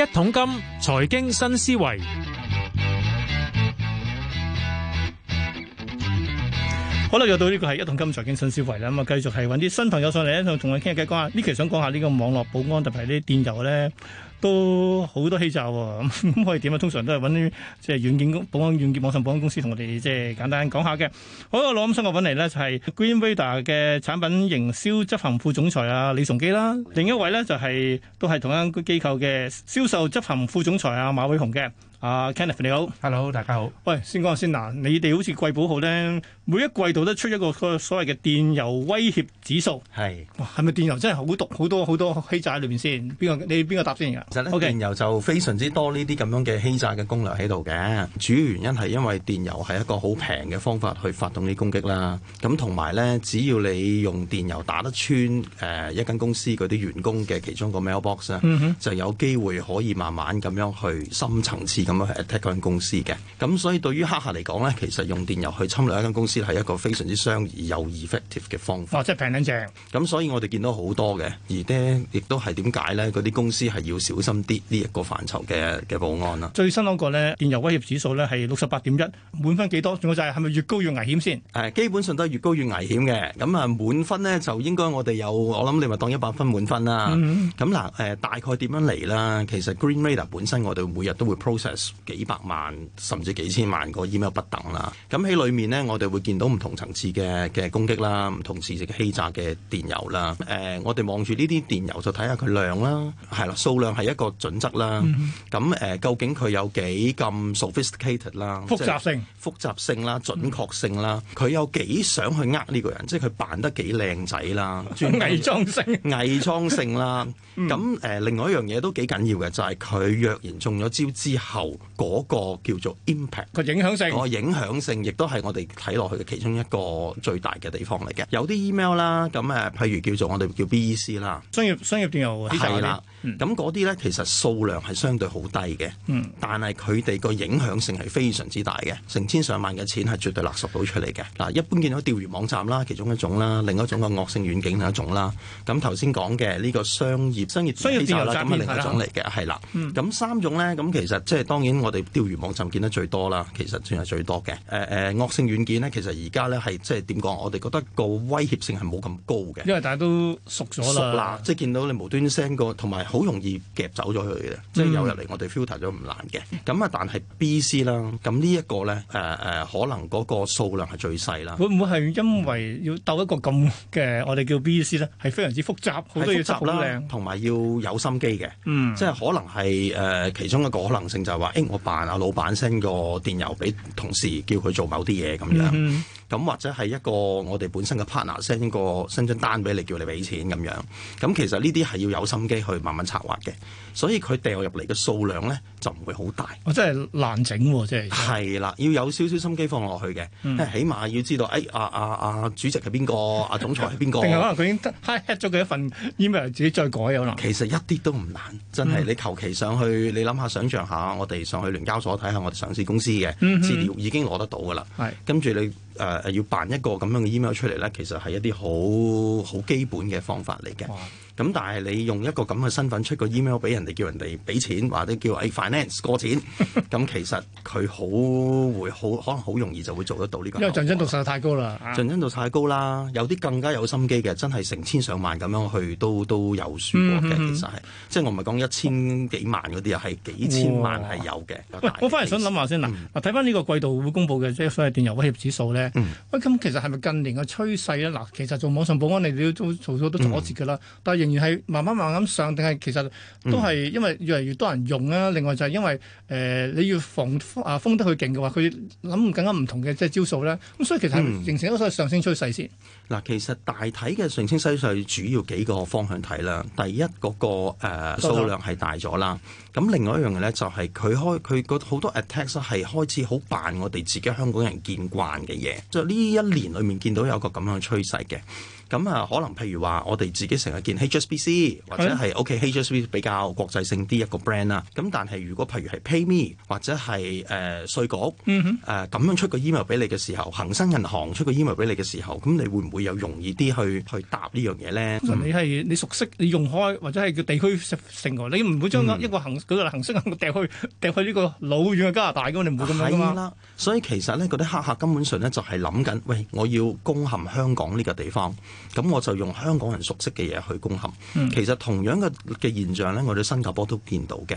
一桶金，財經新思維。好啦，又到呢個係一桶金財經訊息匯啦，咁啊，繼續係揾啲新朋友上嚟同我傾下偈。講下呢期想講下呢個網絡保安，特別係啲電郵咧，都好多欺詐喎。咁可以點啊？通常都係揾啲即係軟件保安軟件、網上保安公司，同我哋即係簡單講下嘅。好，我攞咁新嘅揾嚟咧，就係 Green Radar 嘅產品營銷執行副總裁啊李崇基啦。另一位咧就係都係同一間機構嘅銷售執行副總裁啊馬偉雄嘅。阿、uh, Kenneth 你好，Hello，大家好。喂，先講下先嗱，你哋好似貴寶號咧，每一季度都出一個所謂嘅電郵威脅指數，係，哇，係咪電郵真係好毒？好多好多欺詐喺裏邊先，邊個你邊個答先？其實咧、okay，電郵就非常之多呢啲咁樣嘅欺詐嘅攻略喺度嘅。主要原因係因為電郵係一個好平嘅方法去發動啲攻擊啦。咁同埋咧，只要你用電郵打得穿、呃、一間公司嗰啲員工嘅其中個 mail box、嗯、哼就有機會可以慢慢咁樣去深層次。咁樣係，attack 間公司嘅，咁所以對於黑客嚟講咧，其實用電郵去侵略一間公司係一個非常之相宜而又 effective 嘅方法。哦，即係平靚正。咁所以我哋見到好多嘅，而咧亦都係點解咧？嗰啲公司係要小心啲呢一個範疇嘅嘅保安啦。最新嗰個咧電郵威脅指數咧係六十八點一，滿分幾多？仲有就係係咪越高越危險先？誒、呃，基本上都係越高越危險嘅。咁啊滿分咧就應該我哋有我諗你話當一百分滿分啦。嗯嗯。咁嗱誒，大概點樣嚟啦？其實 Green Radar 本身我哋每日都會 process。幾百萬甚至幾千萬個 email 不等啦，咁喺裏面呢，我哋會見到唔同層次嘅嘅攻擊啦，唔同形式欺詐嘅電郵啦。誒、呃，我哋望住呢啲電郵就睇下佢量啦，係啦，數量係一個準則啦。咁、嗯、誒、呃，究竟佢有幾咁 sophisticated 啦？複雜性、複雜性啦，準確性啦，佢、嗯、有幾想去呃呢個人，即係佢扮得幾靚仔啦，偽裝性、偽裝性啦。咁 誒、嗯呃，另外一樣嘢都幾緊要嘅，就係、是、佢若然中咗招之後。嗰、那個叫做 impact 影，那個影響性，個影響性亦都係我哋睇落去嘅其中一個最大嘅地方嚟嘅。有啲 email 啦，咁誒，譬如叫做我哋叫 BEC 啦，商業商業電郵係啦。咁嗰啲咧，其實數量係相對好低嘅，嗯，但係佢哋個影響性係非常之大嘅，成千上萬嘅錢係絕對勒索到出嚟嘅。嗱，一般見到釣魚網站啦，其中一種啦，另一種嘅惡性軟件係一種啦。咁頭先講嘅呢個商業商業商業電郵詐騙係一種嚟嘅，係，嗯、啦。咁三種咧，咁其實即係當當然，我哋釣魚網站見得最多啦，其實算係最多嘅。誒、呃、誒、呃，惡性軟件咧，其實而家咧係即係點講？我哋覺得個威脅性係冇咁高嘅。因為大家都熟咗啦，即係見到你無端端 send 個，同埋好容易夾走咗佢嘅，即係有入嚟我哋 filter 咗唔難嘅。咁啊，但係 B.C. 啦、這個，咁呢一個咧，誒誒，可能嗰個數量係最細啦。會唔會係因為要鬥一個咁嘅、嗯、我哋叫 B.C. 咧，係非常之複雜，好複雜啦，同埋要有心機嘅、嗯。即係可能係誒、呃、其中一個可能性就係話。誒，我扮啊，老闆 send 個電郵俾同事，叫佢做某啲嘢咁樣。嗯。咁或者係一個我哋本身嘅 partner send 個新張單俾你，叫你俾錢咁樣。咁其實呢啲係要有心機去慢慢策劃嘅，所以佢掉入嚟嘅數量咧就唔會好大。我、哦、真係難整喎、啊，真係。係啦，要有少少心機放落去嘅、嗯，起碼要知道哎，啊啊啊！主席係邊個？啊，總裁係邊個？定 係可能佢已經 hack 咗佢一份 email，自己再改有啦。其實一啲都唔難，真係、嗯、你求其上去，你諗下，想像下，我哋上去聯交所睇下我哋上市公司嘅、嗯、資料已經攞得到㗎啦。跟住你。誒、呃、要辦一個咁樣嘅 email 出嚟咧，其實係一啲好好基本嘅方法嚟嘅。咁但係你用一個咁嘅身份出個 email 俾人哋，叫人哋俾錢，或者叫、A、finance 過錢，咁 其實佢好會好可能好容易就會做得到呢個。因為進進度實在太高啦。進進度太高啦，有啲更加有心機嘅，真係成千上萬咁樣去都都有輸過嘅。其實係、嗯，即係我唔係講一千幾萬嗰啲啊，係幾千萬係有嘅、這個。喂，我返嚟想諗下、嗯、先嗱，睇翻呢個季度會公布嘅即係所謂電郵威脅指數咧，喂、嗯、咁其實係咪近年嘅趨勢咧？嗱，其實做網上保安你哋都做咗好多阻截㗎啦，但係。而係慢慢慢慢上，定係其實都係因為越嚟越多人用啊？嗯、另外就係因為誒、呃、你要封啊封得佢勁嘅話，佢諗更加唔同嘅即係招數咧。咁所以其實係形成一個上升趨勢先。嗱、嗯，其實大體嘅上升趨勢主要幾個方向睇啦。第一嗰、嗰個誒數、呃、量係大咗啦。咁另外一樣嘅咧就係、是、佢開佢好多 attacks 係開始好扮我哋自己香港人見慣嘅嘢。就呢一年裡面見到有一個咁樣趨勢嘅。咁啊，可能譬如話，我哋自己成日見 HSBC 或者係 OK HSBC 比較國際性啲一個 brand 啦。咁但係如果譬如係 PayMe 或者係誒稅局嗯呃咁樣出個 email 俾你嘅時候，恒生銀行出個 email 俾你嘅時候，咁你會唔會有容易啲去去答呢樣嘢咧？你係你熟悉你用開或者係叫地區性喎，你唔會將一個恒嗰個恒生銀行掟去、嗯、掟去呢個老遠嘅加拿大，你唔會咁樣啦係啦，所以其實咧嗰啲黑客根本上咧就係諗緊，喂，我要攻陷香港呢個地方。咁我就用香港人熟悉嘅嘢去攻陷、嗯。其實同樣嘅嘅現象咧，我哋新加坡都見到嘅。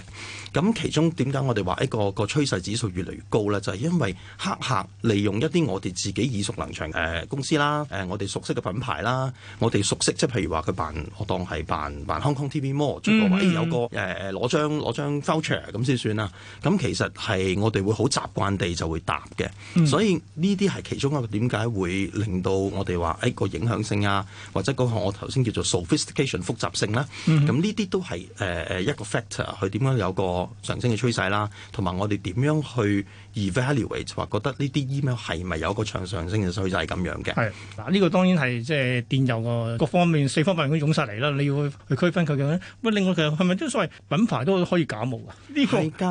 咁其中點解我哋話一個個趨勢指數越嚟越高咧？就係、是、因為黑客，客利用一啲我哋自己耳熟能詳嘅公司啦，誒我哋熟悉嘅品牌啦，我哋熟悉即係譬如話佢扮，我當係扮扮 Hong Kong TV Mall，最多話咦有個誒攞張攞張 voucher 咁先算啦。咁其實係我哋會好習慣地就會答嘅、嗯。所以呢啲係其中一個點解會令到我哋話誒個影響性啊？或者嗰個我頭先叫做 sophistication，複雜性啦，咁呢啲都係誒誒一個 factor，佢點樣有個上升嘅趨勢啦，同埋我哋點樣去 evaluate 或者覺得呢啲 email 係咪有個長上升嘅趨勢，係咁樣嘅。嗱，呢個當然係即係電郵個各方面四方八面都湧曬嚟啦，你要去區分佢嘅。另外其實係咪都所謂品牌都可以假冒㗎？呢個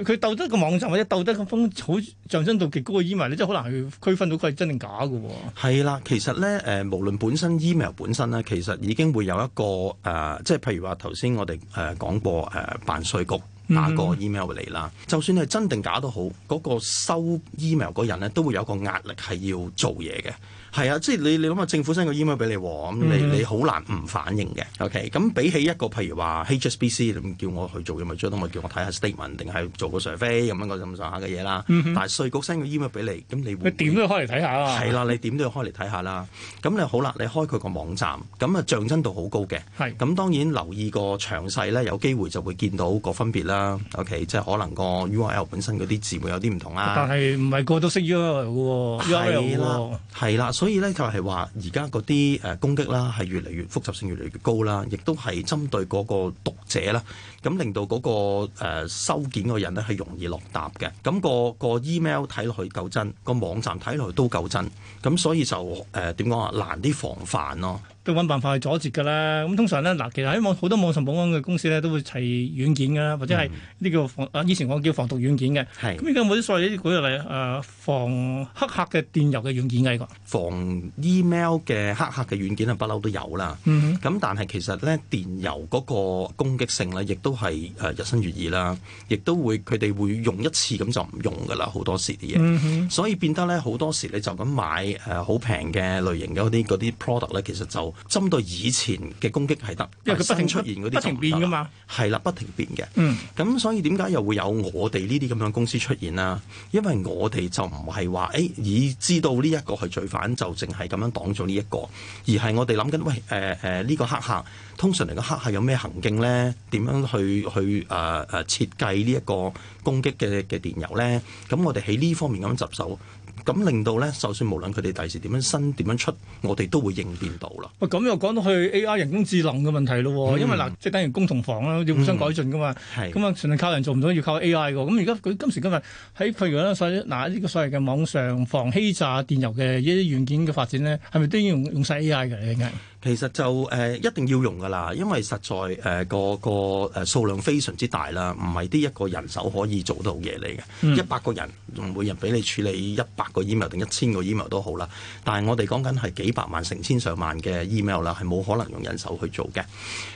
佢佢鬥得個網站或者鬥得個風好上升到極高嘅 email，你真係好難去區分到佢係真定假㗎喎。係啦，其實咧誒、呃，無論本本身 email 本身咧，其實已經會有一個，誒、呃，即係譬如話頭先我哋誒講過誒、呃、辦稅局打個 email 嚟啦、嗯。就算係真定假都好，嗰、嗰個收 email 嗰人咧，都會有一個壓力係要做嘢嘅。係啊，即係你你諗下政府 send 個 email 俾你，咁你你好難唔反應嘅。Mm -hmm. OK，咁比起一個譬如話 HSBC 你叫我去做嘅，咪最多咪叫我睇下 statement 定係做個 survey 咁樣嗰咁上下嘅嘢啦。Mm -hmm. 但係稅局 send 個 email 俾你，咁你會佢點都要開嚟睇下啊。係啦、啊，你點都要開嚟睇下啦、啊。咁你好啦，你開佢個網站，咁啊像真度好高嘅。咁當然留意個詳細咧，有機會就會見到個分別啦。OK，即係可能個 URL 本身嗰啲字會有啲唔同啦，但係唔係個都識咗喎，URL 係啦。所以咧就係話，而家嗰啲攻擊啦，係越嚟越複雜性越嚟越高啦，亦都係針對嗰個讀者啦，咁令到嗰個收件嘅人咧係容易落搭嘅，咁、個個 email 睇落去夠真，個網站睇落去都夠真，咁所以就誒點講啊，難啲防範咯。都揾辦法去阻截㗎啦。咁通常咧，嗱，其實喺好多網上保安嘅公司咧，都會砌軟件㗎啦，或者係呢個防、嗯、以前我叫防毒軟件嘅。咁依家有冇啲所謂啲舉例啊、呃？防黑客嘅電郵嘅軟件嘅？防 email 嘅黑客嘅軟件啊，不嬲都有啦。咁、嗯、但係其實咧，電郵嗰個攻擊性咧，亦都係日新月異啦。亦都會佢哋會用一次咁就唔用㗎啦，好多時啲嘢、嗯。所以變得咧，好多時你就咁買好平嘅類型嗰啲嗰啲 product 咧，其實就針對以前嘅攻擊係得，因為佢不停出現嗰啲不停變噶嘛，係啦，不停變嘅。嗯，咁所以點解又會有我哋呢啲咁樣公司出現啦？因為我哋就唔係話，誒、哎、已知道呢一個係罪犯，就淨係咁樣擋咗呢一個，而係我哋諗緊，喂，誒、呃、誒，呢、呃這個黑客通常嚟講，黑客有咩行徑咧？點樣去去誒誒設計呢一個攻擊嘅嘅電郵咧？咁我哋喺呢方面咁執手。咁令到咧，就算無論佢哋第時點樣新點樣出，我哋都會應變到啦。喂、啊，咁又講到去 A I 人工智能嘅問題咯、嗯。因為嗱，即係等於攻同防啦，要互相改進噶嘛。係、嗯，咁啊，純粹靠人做唔到，要靠 A I 喎。咁而家佢今時今日喺譬如啦，嗱，呢、個所謂嘅網上防欺詐電郵嘅一啲軟件嘅發展咧，係咪都要用用晒 A I 嘅？你認為？其實就誒、呃、一定要用㗎啦，因為實在誒、呃、個個誒數量非常之大啦，唔係啲一個人手可以做到嘢嚟嘅。Mm-hmm. 一百個人，每人俾你處理一百個 email 定一千個 email 都好啦，但係我哋講緊係幾百萬成千上萬嘅 email 啦，係冇可能用人手去做嘅。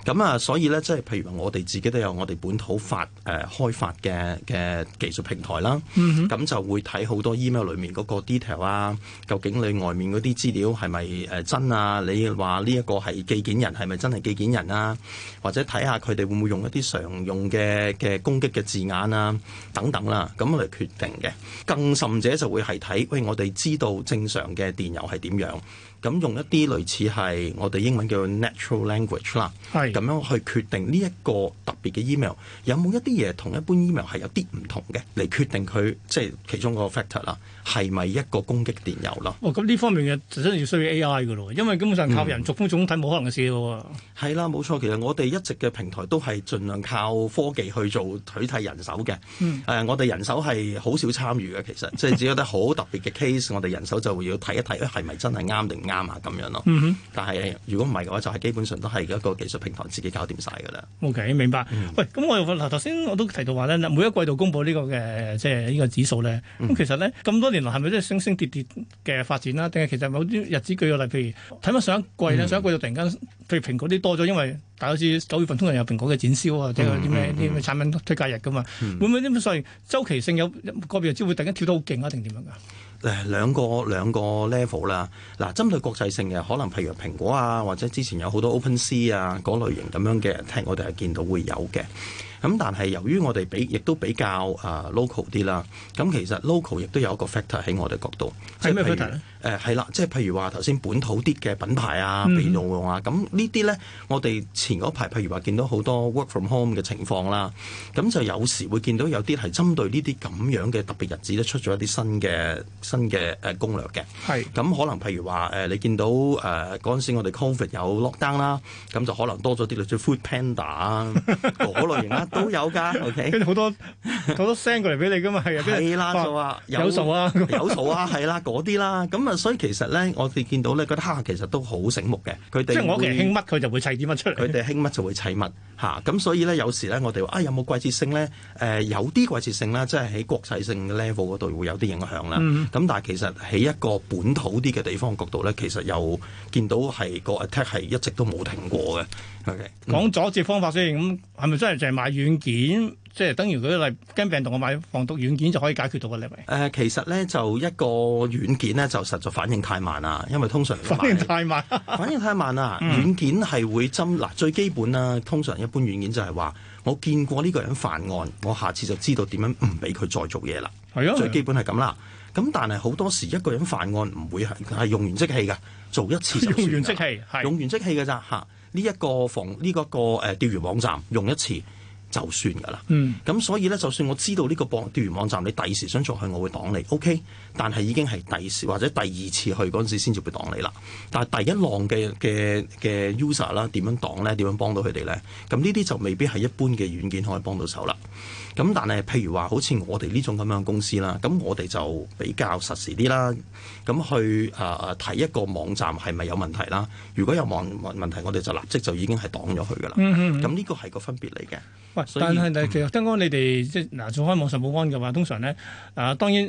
咁啊，所以咧即係譬如話我哋自己都有我哋本土發誒、呃、開發嘅嘅技術平台啦，Mm-hmm. 咁就會睇好多 email 裏面嗰個 detail 啊，究竟你外面啲資料係咪誒真啊？你話呢？一個係寄件人係咪真係寄件人啊？或者睇下佢哋會唔會用一啲常用嘅嘅攻擊嘅字眼啊等等啦、啊，咁嚟決定嘅。更甚者就會係睇，喂，我哋知道正常嘅電郵係點樣。咁用一啲類似係我哋英文叫 natural language 啦，咁樣去決定呢一個特別嘅 email 有冇一啲嘢同一般 email 係有啲唔同嘅，嚟決定佢即係其中個 factor 啦，係咪一個攻擊電郵啦？哦，咁呢方面就真係要需要 AI 嘅咯，因為根本上靠人逐風逐影睇冇、嗯、可能嘅事咯。係啦、啊，冇錯，其實我哋一直嘅平台都係盡量靠科技去做取替人手嘅。誒、嗯呃，我哋人手係好少參與嘅，其實 即係只有得好特別嘅 case，我哋人手就會要睇一睇，係咪真係啱定？啱、嗯、啊，咁樣咯。但係如果唔係嘅話，就係基本上都係一個技術平台自己搞掂晒嘅啦。OK，明白。嗯、喂，咁我又頭頭先我都提到話咧，每一季度公佈呢、呢個嘅即係呢個指數咧。咁、嗯、其實咧，咁多年來係咪都係升升跌跌嘅發展啦、啊？定係其實某啲日子，舉個例，譬如睇翻上一季咧、嗯，上一季就突然間譬如蘋果啲多咗，因為大家好似九月份通常有蘋果嘅展銷啊，或者啲咩啲咩產品推介日噶嘛。嗯、會唔會啲咁所以週期性有個別日子會突然間跳得好勁啊？定點樣㗎？誒兩個兩個 level 啦，嗱針對國際性嘅，可能譬如蘋果啊，或者之前有好多 OpenSea 啊嗰類型咁樣嘅，聽我哋係見到會有嘅。咁但係由於我哋比亦都比較 local 啲啦，咁其實 local 亦都有一個 factor 喺我哋角度，係咩 factor？誒係啦，即係譬如話頭先本土啲嘅品牌啊，嗯、如譬如用啊，咁呢啲咧，我哋前嗰排譬如話見到好多 work from home 嘅情況啦，咁就有時會見到有啲係針對呢啲咁樣嘅特別日子咧，出咗一啲新嘅新嘅誒攻略嘅。係咁可能譬如話、呃、你見到誒嗰陣時我哋 COVID 有 lockdown 啦，咁就可能多咗啲類似 food panda 啊嗰 類型啦，都有㗎。OK 好多好多 send 過嚟俾你㗎嘛，係 啊。係啦，就話有數啊，有數啊，係啦，嗰啲啦，咁。 啊、所以其實咧，我哋見到咧，覺得蝦、啊、其實都好醒目嘅。佢哋即係我其實興乜，佢就會砌啲乜出嚟。佢哋興乜就會砌乜嚇。咁、啊、所以咧，有時咧，我哋話啊，有冇季節性咧？誒、呃，有啲季節性啦，即係喺國際性嘅 level 嗰度會有啲影響啦。咁、嗯啊、但係其實喺一個本土啲嘅地方嘅角度咧，其實又見到係個 attack 係一直都冇停過嘅。OK，嗯、講阻截方法先，咁係咪真係淨係買軟件？即係等於佢嚟驚病毒，我買防毒軟件就可以解決到嘅咧，咪、呃？其實咧就一個軟件咧就實在反應太慢啦，因為通常反應太慢， 反應太慢啦、嗯。軟件係會針嗱最基本啦，通常一般軟件就係話我見過呢個人犯案，我下次就知道點樣唔俾佢再做嘢啦。係啊，最基本係咁啦。咁、啊、但係好多時一個人犯案唔會係係用完即棄嘅，做一次就 用完即棄，用完即棄嘅咋嚇？呢、啊、一、呢個防呢、呢個個誒釣魚網站用一次。就算噶啦，咁、嗯、所以呢，就算我知道呢個釣魚網站，你第時想再去，我會擋你，OK？但係已經係第時或者第二次去嗰陣時，先至會擋你啦。但係第一浪嘅嘅嘅 user 啦，點樣擋呢？點樣幫到佢哋呢？咁呢啲就未必係一般嘅軟件可以幫到手啦。咁但係譬如話，好似我哋呢種咁樣公司啦，咁我哋就比較實時啲啦，咁去誒睇、呃、一個網站係咪有問題啦？如果有問題，我哋就立即就已經係擋咗佢噶啦。咁、嗯、呢、嗯、個係個分別嚟嘅。喂，但係、嗯、其實聽講你哋即係嗱做開網上保安嘅話，通常咧啊、呃、當然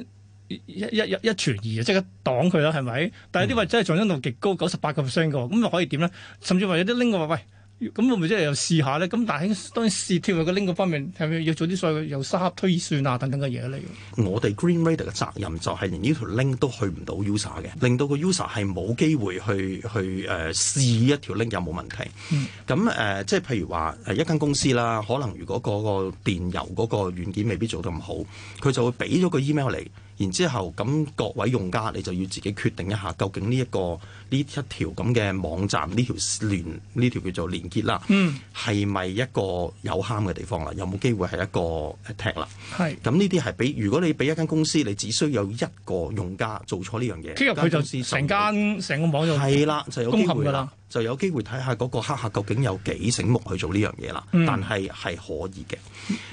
一一一一傳二啊，即刻一擋佢啦，係咪？但係啲話真係撞擊度極高，九十八個 percent 㗎，咁又可以點咧？甚至話有啲拎個話喂。咁我咪即係又試下咧？咁但係當然試跳入個 link 方面係咪要做啲所謂又沙盒推算啊等等嘅嘢嚟？我哋 Green Radar 嘅責任就係連呢條 link 都去唔到 user 嘅，令到個 user 係冇機會去去、呃、試一條 link 有冇問題。咁、嗯呃、即係譬如話一間公司啦，可能如果個個電郵嗰個軟件未必做得咁好，佢就會俾咗個 email 嚟。然之後，咁各位用家你就要自己決定一下，究竟呢一個呢一條咁嘅網站呢條連呢條叫做連結啦，嗯、係咪一個有坑嘅地方啦？有冇機會係一個踢啦？係咁呢啲係俾如果你俾一間公司，你只需要有一個用家做錯呢樣嘢，佢就公司成間成個網站係啦，就有機會㗎啦。就有機會睇下嗰個黑客究竟有幾醒目去做呢樣嘢啦，mm. 但係係可以嘅。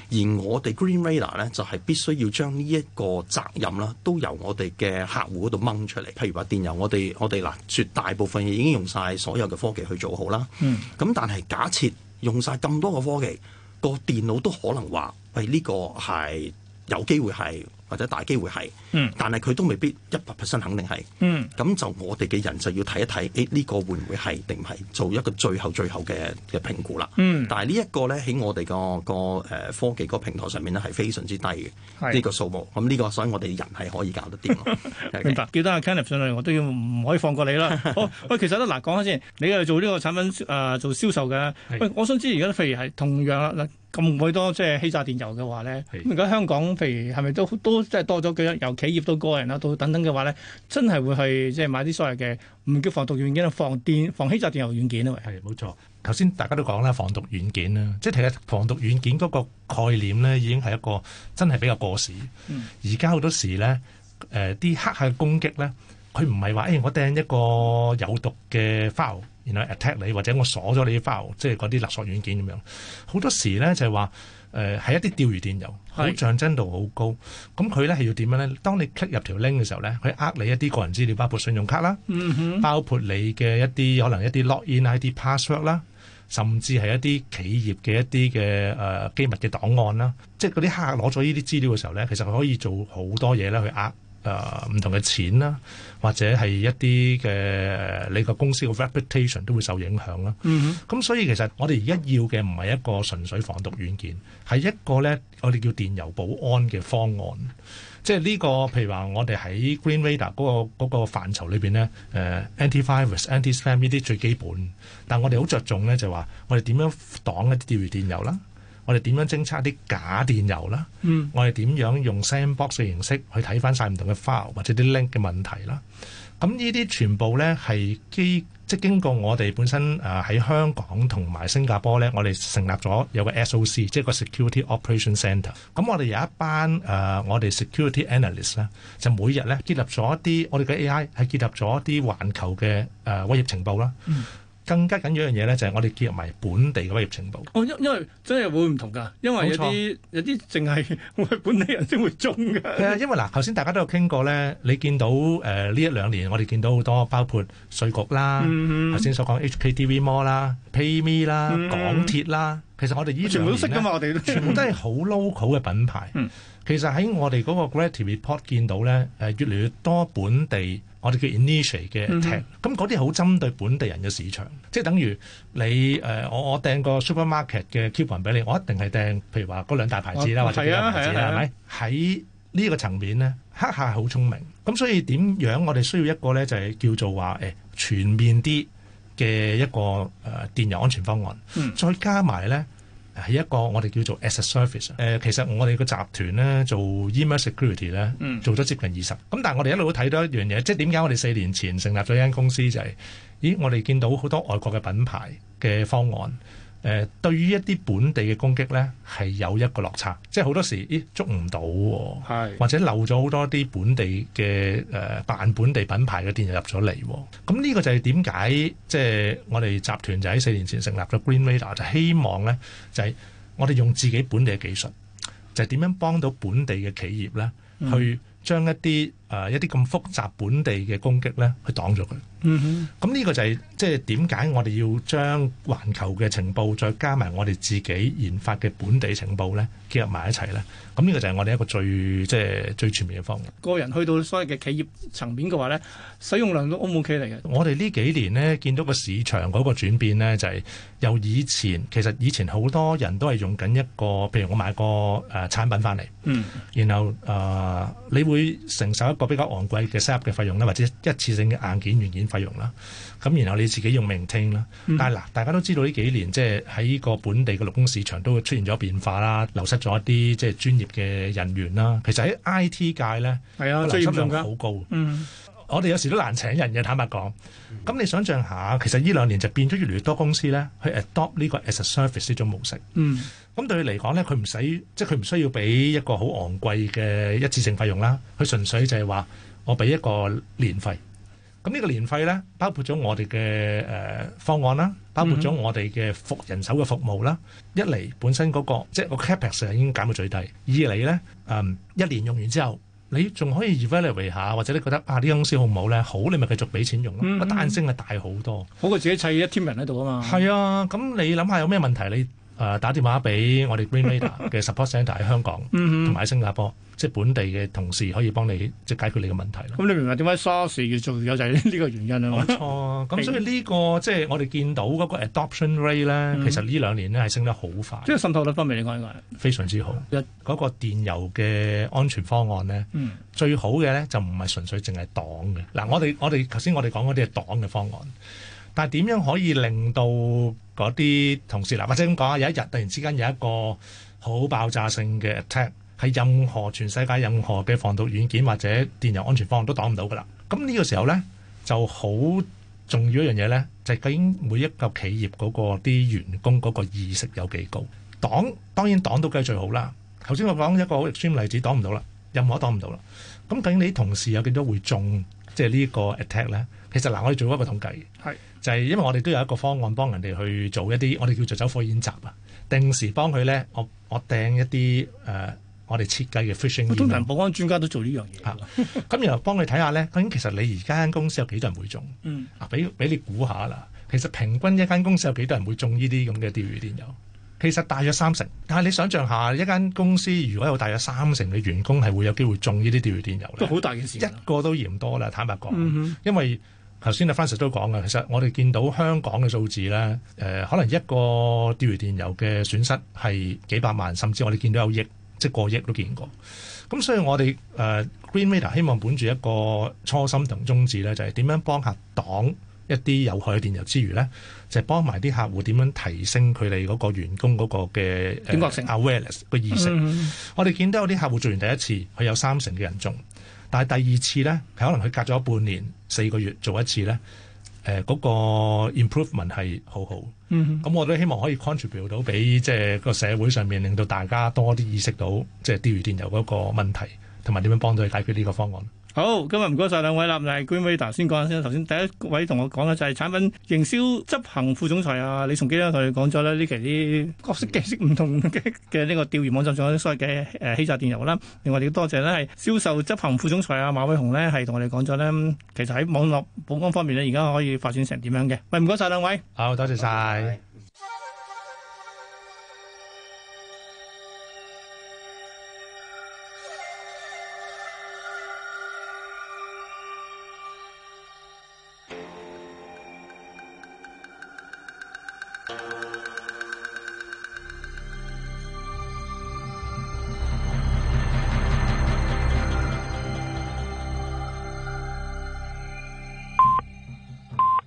而我哋 Green Radar 咧就係、係、必須要將呢一個責任啦，都由我哋嘅客戶嗰度掹出嚟。譬如話電郵我哋，我哋嗱絕大部分已經用晒所有嘅科技去做好啦。咁、mm. 但係假設用晒咁多個科技，個電腦都可能話：喂，呢、呢個係有機會係。或者大機會係、嗯，但係佢都未必一百 percent 肯定係。咁、嗯、就我哋嘅人就要睇一睇，呢、這、呢個會唔會係定唔係做一個最後最後嘅嘅評估啦、嗯？但係呢一個咧喺我哋個個誒科技個平台上面咧係非常之低嘅呢、這個數目。咁、嗯、呢、這個所以我哋人係可以搞得掂、 okay。明白，記得阿 Kenneth 上我都要唔可以放過你啦。喂， 其實咧嗱，講下先，你係做呢個產品誒、呃、做銷售嘅。喂，我想知而家譬如係同樣嗱。咁唔會多即係欺詐電郵嘅話咧，咁而家香港譬如係咪都都即係多咗幾多由企業到個人啦，都等等嘅話咧，真係會去，即係買啲所謂嘅唔叫防毒軟件啊，防電防欺詐電郵軟件啊，係冇錯。頭先大家都講啦，防毒軟件啦，即係其實防毒軟件嗰個概念咧，已經係一個真係比較過時。而家好多時咧，啲、呃、黑客攻擊咧，佢唔係話誒我掟一個有毒嘅 file。然後 attack 你或者我鎖咗你啲 file，即係嗰啲勒索軟件咁樣。好多時咧就係、是、話，誒、呃、喺一啲釣魚電郵，好像真度好高。咁佢咧係要點樣咧？當你 click 入條 link 嘅時候咧，佢呃你一啲個人資料，包括信用卡啦、嗯，包括你嘅一啲可能一啲 login 啊、一啲 password 啦，甚至係一啲企業嘅一啲嘅誒機密嘅檔案啦。即係嗰啲黑客攞咗呢啲資料嘅時候咧，其實佢可以做好多嘢咧去呃。誒、呃、唔同嘅錢啦，或者係一啲嘅你個公司嘅 reputation 都會受影響啦。嗯哼，咁所以其實我哋而家要嘅唔係一個純粹防毒軟件，係一個咧我哋叫電郵保安嘅方案。即係呢個譬如話我哋喺 GreenRadar 嗰、嗰個範疇、嗰個、範疇裏邊咧，anti-virus、呃、anti-spam Anti 呢啲最基本，但我哋好着重咧就話我哋點樣擋一啲釣魚電郵啦。我哋點樣偵測啲假電郵啦、嗯？我哋點樣用 sandbox 嘅形式去睇翻晒唔同嘅 file 或者啲 link 嘅問題啦？咁呢啲全部咧係基即係、就是、經過我哋本身誒喺香港同埋新加坡咧，我哋成立咗有個 SOC，即係個 security operation centre。咁我哋有一班誒、呃、我哋 security analyst 咧，就每日咧結合咗一啲我哋嘅 AI 係結合咗一啲環球嘅誒威脅情報啦。嗯更加緊要一樣嘢咧，就係我哋結合埋本地嘅業情報哦，因為因為真係會唔同㗎，因為有啲有啲淨係我係本地人先會中嘅。係啊，因為嗱，頭先大家都有傾過咧，你見到呢、呃、一兩年，我哋見到好多，包括稅局啦，頭、嗯、先所講 HKTV Mall 啦、PayMe 啦、嗯、港鐵啦。其實我哋以前都識噶嘛，我哋都全部都係好 local 嘅品牌。嗯、其實喺我哋嗰個 Gravity Report 見到咧、呃，越嚟越多本地，我哋叫 initial 嘅 t tech 咁嗰啲好針對本地人嘅市場，即係等於你、呃、我我訂個 supermarket 嘅 coupon 俾你，我一定係訂譬如話嗰兩大牌子啦，啊、或者幾大牌子啦，係咪、啊？喺呢、啊啊、個層面咧，黑客係好聰明。咁所以點樣我哋需要一個咧，就係、是、叫做話、欸、全面啲。嘅一個誒電郵安全方案，嗯、再加埋咧係一個我哋叫做 as a service、呃。誒，其實我哋個集團咧做 email security 咧，做咗、e 嗯、接近二十。咁但係我哋一路都睇到一樣嘢，即係點解我哋四年前成立咗一間公司就係、是，咦？我哋見到好多外國嘅品牌嘅方案。誒、呃、對於一啲本地嘅攻擊咧，係有一個落差，即係好多時，咦捉唔到喎、哦，或者漏咗好多啲本地嘅誒、呃、扮本地品牌嘅店入咗嚟、哦，咁、嗯、呢、這個就係點解即係我哋集團就喺四年前成立咗 Green Radar 就希望咧，就係、是、我哋用自己本地嘅技術，就係、是、點樣幫到本地嘅企業咧，去將一啲。呃、一啲咁複雜本地嘅攻擊咧，去擋咗佢。嗯哼。咁呢個就係即係點解我哋要將環球嘅情報再加埋我哋自己研發嘅本地情報咧，結合埋一齊咧。咁呢個就係我哋一個最即係、就是、最全面嘅方案。個人去到所謂嘅企業層面嘅話咧，使用量都 O，OK、OK、嚟嘅。我哋呢幾年咧見到個市場嗰個轉變咧，就係、是、由以前其實以前好多人都係用緊一個，譬如我買個誒、呃、產品翻嚟。嗯。然後誒、呃，你會承受一個比較昂貴嘅 set up 嘅費用啦，或者一次性嘅硬件軟件費用啦，咁然後你自己用 maintain 啦。但係嗱，大家都知道呢幾年即係喺個本地嘅勞工市場都出現咗變化啦，流失咗一啲即係專業嘅人員啦。其實喺 IT 界咧，係、嗯、啊，流失量好高。嗯嗯我哋有時都難請人嘅，坦白講。咁你想象下，其實呢兩年就變咗越嚟越多公司咧，去 adopt 呢個 as a service 呢種模式。嗯。咁對佢嚟講咧，佢唔使即係佢唔需要俾一個好昂貴嘅一次性費用啦，佢純粹就係話我俾一個年費。咁呢個年費咧，包括咗我哋嘅、呃、方案啦，包括咗我哋嘅服人手嘅服務啦、嗯。一嚟本身嗰、嗰個即係個 capex 已經減到最低，二嚟咧、嗯，一年用完之後。你仲可以 evaluate 下，或者你覺得啊呢間公司好唔好咧？好，你咪繼續俾錢用咯。嗯嗯，個彈性係大好多，好過自己砌一 team 人喺度啊嘛。係啊，咁你諗下有咩問題？你誒打電話俾我哋 Green Radar 嘅 support center 喺 香港同埋喺新加坡，即本地嘅同事可以幫你即解決你嘅問題，咁你明白點解 s a r s 要做有就係呢個原因啊。冇咁所以呢、這個即係 我哋見到嗰個 adoption rate 咧、嗯，其實呢兩年咧係升得好快。即係滲透率方面，你講一講。非常之好。一、嗯、嗰、那個電郵嘅安全方案咧、嗯，最好嘅咧就唔係純粹淨係擋嘅。嗱，我哋我哋頭先我哋講嗰啲係擋嘅方案，但係點樣可以令到嗰啲同事嗱，或者咁講有一日突然之間有一個好爆炸性嘅 attack。係任何全世界任何嘅防毒軟件或者電郵安全方案都擋唔到㗎啦。咁呢個時候咧就好重要一樣嘢咧，就係、是、究竟每一個企業嗰個啲員工嗰個意識有幾高？擋當然擋到梗係最好啦。頭先我講一個好極端例子，擋唔到啦，任何擋唔到啦。咁究竟你同事有幾多會中即係呢個 attack 咧？其實嗱，我哋做一個統計，係就係、是、因為我哋都有一個方案幫人哋去做一啲我哋叫做走火演習啊，定時幫佢咧，我我訂一啲誒。呃我哋設計嘅 phishing，通常保安專家都做呢樣嘢嚇。咁然後幫你睇下咧，究竟其實你而家間公司有幾多人會中？嗯，啊，俾俾你估下啦。其實平均一間公司有幾多人會中呢啲咁嘅釣魚電郵？其實大約三成。但係你想象一下一間公司，如果有大約三成嘅員工係會有機會中呢啲釣魚電郵咧，好大件事。一個都嫌多啦。坦白講，因為頭先阿 Francis 都講嘅，其實我哋見到香港嘅數字咧，誒、呃，可能一個釣魚電郵嘅損失係幾百萬，甚至我哋見到有億。即過億都見過，咁、嗯、所以我哋、呃、Green Radar 希望本住一個初心同宗旨咧，就係、是、點樣幫客擋一啲有害嘅電郵之餘咧，就係、是、幫埋啲客戶點樣提升佢哋嗰個員工嗰個嘅警覺性、uh, Awareness 個意識、嗯。我哋見到有啲客戶做完第一次，佢有三成嘅人中，但係第二次咧，可能佢隔咗半年四個月做一次咧。誒、呃、嗰、那個 improvement 係好好，咁、嗯、我都希望可以 contribute 到俾即係個社會上面，令到大家多啲意識到即係、就是、釣魚電郵嗰個問題，同埋點樣幫到佢解決呢個方案。好，今日唔該晒兩位啦，嚟 Green Radar 先講下先。頭先第一位同我講嘅就係、是、產品營銷執行副總裁啊李崇基呢，同你講咗咧呢期啲角色形色唔同嘅嘅呢個釣魚網站，仲有啲所謂嘅誒欺詐電郵啦。另外你哋要多謝咧係銷售執行副總裁啊馬偉雄咧，係同我哋講咗咧，其實喺網絡保安方面咧，而家可以發展成點樣嘅？唔該晒兩位。好多謝晒。Bye.